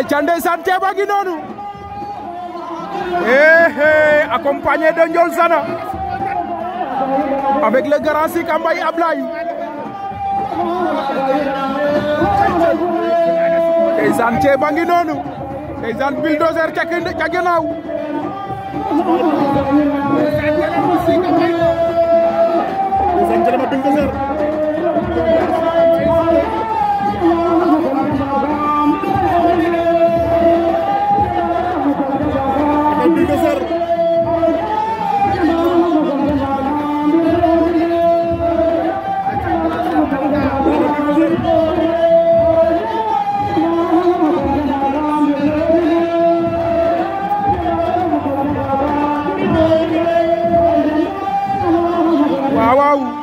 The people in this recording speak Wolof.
ay ca ndeysaan ceeb ngi noonu eh, eh accompagné de Ndiol Sana avec le grand Sika Mbaye Ablaye ndeysaan ceeb a ngi noonu ndeysaan bulldozer ca ginnaaw ndeysaan jëlama bulldozer bi nga sar waaw waaw